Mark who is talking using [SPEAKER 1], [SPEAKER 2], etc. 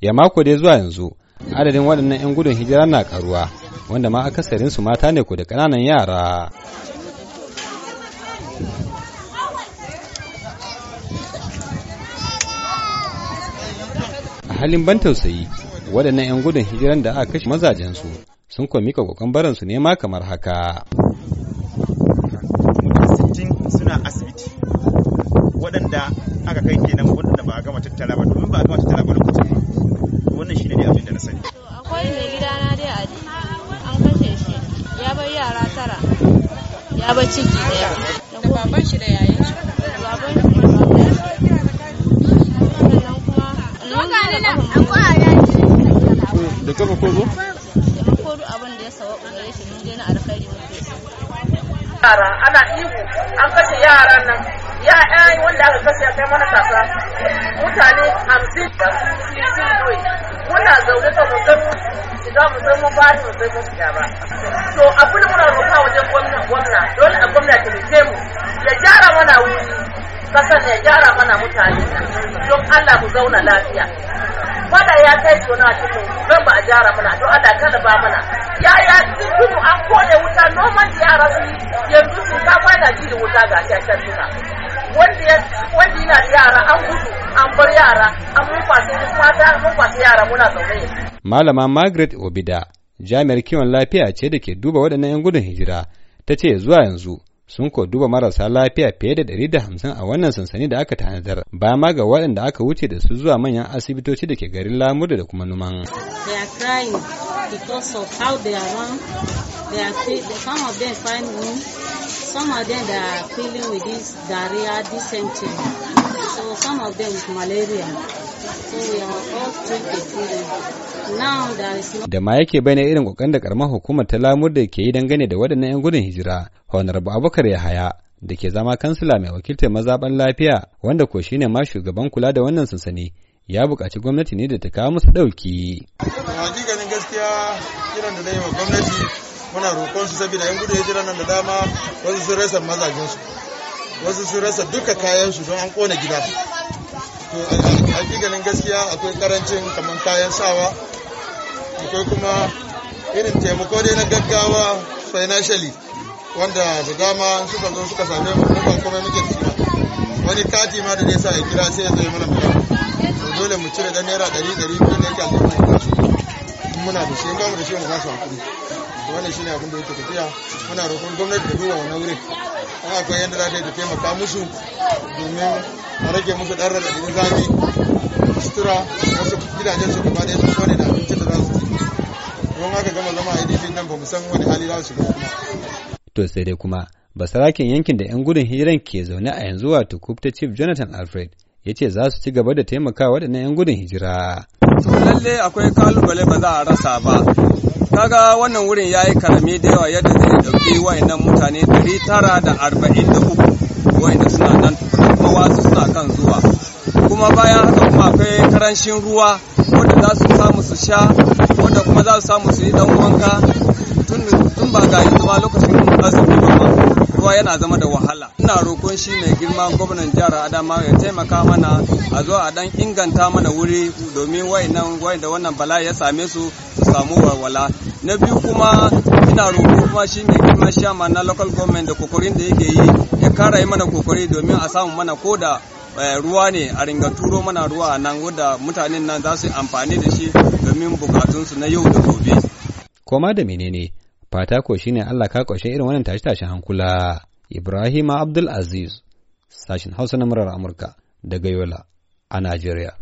[SPEAKER 1] ya mako dai zuwa yanzu adadin waɗannan 'yan gudun hijira na karuwa wanda ma akasarin su mata ne ko da ƙananan yara a halin ban tausayi waɗannan 'yan gudun hijiran da aka kashe mazajensu sun komi kokon baransu ne ma kamar haka suna asibiti
[SPEAKER 2] waɗanda aka kai kenan waɗanda ba a gama tattara ba
[SPEAKER 3] na ba ciki daya da baban shi da yayin shi baban shi da
[SPEAKER 2] da kafa ko zo? ko abin
[SPEAKER 3] da ya sawa ƙungare shi mun na alkhairi muke yara ana ihu an kashe yaran nan ya ya wanda aka gasa ya kai mana kasa mutane hamsin da sun doyi muna zaune ta mu san shiga mu san mu bari mu sai mu shiga ba to abin muna roƙa wajen gwamna gwamna dole a gwamna ta rike mu ya gyara mana wuri kasan ya gyara mana mutane don Allah mu zauna lafiya fada ya kai to a cikin ban ba a gyara mana don Allah kada ba mana ya ya cikin an kone wuta noman yara su yanzu su ta fada ji da wuta ga ta suna wanda yana da yara an gudu an bar yara an mun kwasi mata mun kwasi yara muna zaune
[SPEAKER 1] malama Margaret Obida jami'ar kiwon lafiya ce da ke duba waɗannan 'yan gudun hijira ta ce zuwa yanzu sun ko duba marasa lafiya fiye da ɗari da hamsin a wannan sansani da aka tanadar ba ma ga waɗanda aka wuce da su zuwa manyan asibitoci da ke garin Lamurde da kuma Numan.
[SPEAKER 3] They Some of them they are feeling with this diarrhea, this same thing. So some of them with malaria. So we are all treated Now there
[SPEAKER 1] Da ma yake bayyana irin kokarin da karamar hukumar ta lamur da ke yi dangane da waɗannan 'yan gudun hijira, Honorable Abubakar Yahaya da ke zama kansila mai wakiltar mazaɓan lafiya wanda ko shi ne ma shugaban kula da wannan sansani ya buƙaci gwamnati ne da ta kawo musu ɗauki.
[SPEAKER 2] gaskiya da gwamnati muna roƙon su saboda yan ya hijira nan da dama wasu sun rasa mazajen su wasu sun rasa duka kayan su don an kona gida to a ganin gaskiya akwai karancin kamar kayan sawa akwai kuma irin taimako dai na gaggawa financially wanda da dama suka zo suka same mu muka kuma muke da wani kati ma da zai sa ya kira sai ya zai mana magana to dole mu cire dan naira ɗari ɗari ko da yake alƙawari muna da shi in ba mu da shi mu za su haƙuri to wannan shine abin da yake tafiya muna roƙon gwamnati da duba wannan wurin an akwai yadda za ta yi ta taimaka musu
[SPEAKER 4] domin a rage musu ɗan raɗaɗin zafi sutura wasu gidajen
[SPEAKER 2] su gaba ɗaya su kone da abincin da za su ci don haka gama zama a idifin nan ba mu san wani hali za su shiga kuma.
[SPEAKER 1] to sai dai kuma basarakin yankin da 'yan gudun hijiran ke zaune a yanzu wato kubta chief jonathan alfred ya ce za su ci gaba da taimakawa na 'yan gudun hijira.
[SPEAKER 4] lalle akwai kalubale ba za a rasa ba kaga wannan wurin ya yi karami da yawa yadda zai ɗauki wayannan mutane 943 wayanda suna nan tukuna kuma wasu suna kan zuwa kuma bayan haka kuma akwai karancin ruwa wanda za su samu su sha wanda kuma za su samu su yi dan wanka tun ba ga yanzu ma lokacin azumi ba ruwa yana zama da wahala ina roƙon shi mai girma gwamnan jihar adama ya taimaka mana a zuwa a dan inganta mana wuri domin wayannan da wannan bala ya same su su samu walwala na biyu kuma ina roƙo kuma shi mai girma shama na local government da kokarin da yake yi ya kara yi mana kokari domin a samu mana koda eh, ruwa ne a ringa turo mana ruwa a nan wadda mutanen nan za su amfani da shi domin bukatunsu na yau da gobe.
[SPEAKER 1] Koma da menene fata ko shine Allah ka kwashe irin wannan tashi tashi hankula. Ibrahim Abdul Aziz, sashen Hausa na murar Amurka daga Yola a Najeriya.